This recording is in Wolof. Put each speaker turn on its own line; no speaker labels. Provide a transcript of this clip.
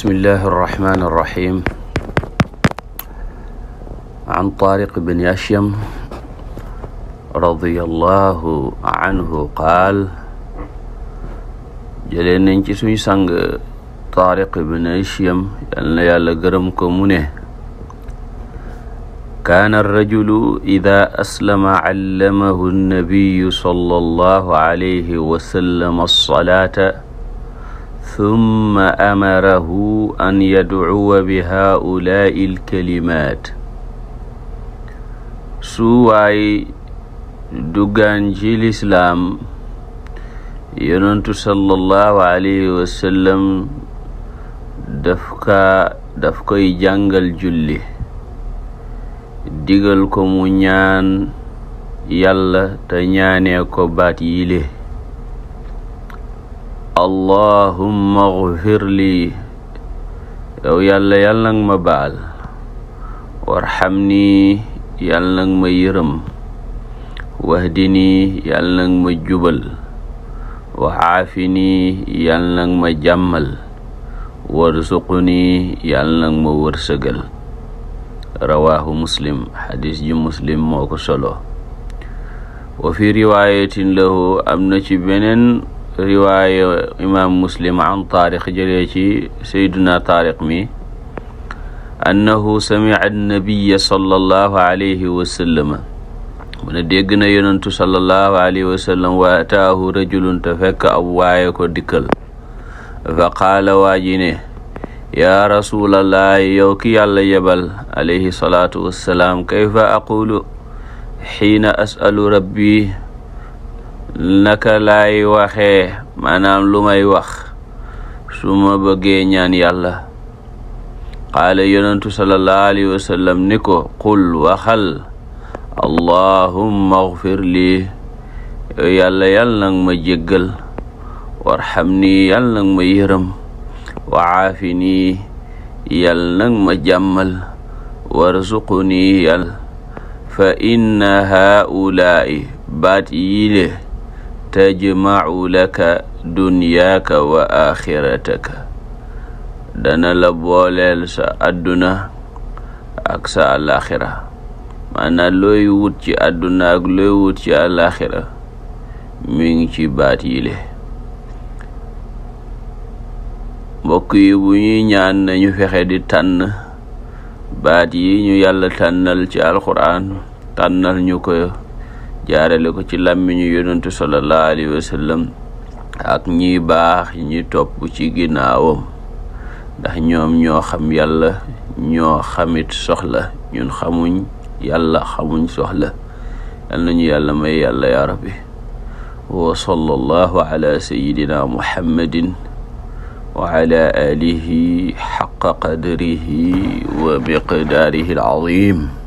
bismillahi arrahmani irrahim an tariq bin yashyam radiyallahu anhu qaal jëlee nañ ci suñu sang tariq bin yashyam yal na yàlla gërëm ko mu ne kaana arrajulu ida aslama allamahu annabiyu sallallahu alayhi wa sallam alsalata summa amarahu an yadcuwa bi haulaai alkalimaat su waay duggaan ci lislaam yonentu sallallahu alayhi wa sallam daf ka daf koy jàngal julli digal ko mu ñaan yàlla te ñaanee ko baat yile allahumma ghfir lii yow yàlla yàlla nag ma baal warxam nii yàlla nag ma yërëm wahdi nii yàlla nag ma jubal waxaafi nii yàlla nag ma jàmmal warsuqu nii yàlla nag ma wërsëgal rawaahu muslim xadis ji muslim moo ko solo wa fi riwaayatin lahu am na ci beneen riwaaya imaam muslim an taariq jëlee ci sayduna taariq mi annahu samica annabiya sallallahu alayhi wa sallama mu ne dégg na yonentu sallallahu alayhi wa sallam wa ataahu rajulun te fekk ab waaye ko dikkal fa qaala waa ji ne yaa rasulallaahi yow ki yàlla yebal alayhi salaatu wassalaam kayfa aqulu xiina asalu rabbi naka laay waxee maanaam lu may wax su ma bëggee ñaan yàlla qaala yonentu sallallahu alayhi wasallam ni ko qul waxal allahumma agfir lii yàlla yàl nag ma jéggal warxam nii yàl nag ma yërëm wa aafi nii yàl nag ma jàmmal warzuqu baat yiile te tajmacu laka dunyaaka wa axirataka dana la booleel sa àdduna ak sa àlaxira maanaam looy wut ci àdduna ak looy wut ci àlaxira mi ngi ci baat yi bu ñuy ñaan nañu fexe di tànn baat yi ñu yàlla tànnal ci alxuraan tànnal ñu ko jaarale ko ci làmmiñu yonentu sallallahu alayhi wa sallam ak ñiy baax ñi topp ci ginnaawam ndax ñoom ñoo xam yàlla ñoo xamit soxla ñun xamuñ yàlla xamuñ soxla yal nañu yàlla may yàlla yaa rabbi wa sallallahu ala sayidina muhammadin wa ala alihi xaqa qadrihi wa miqdaarihi al azim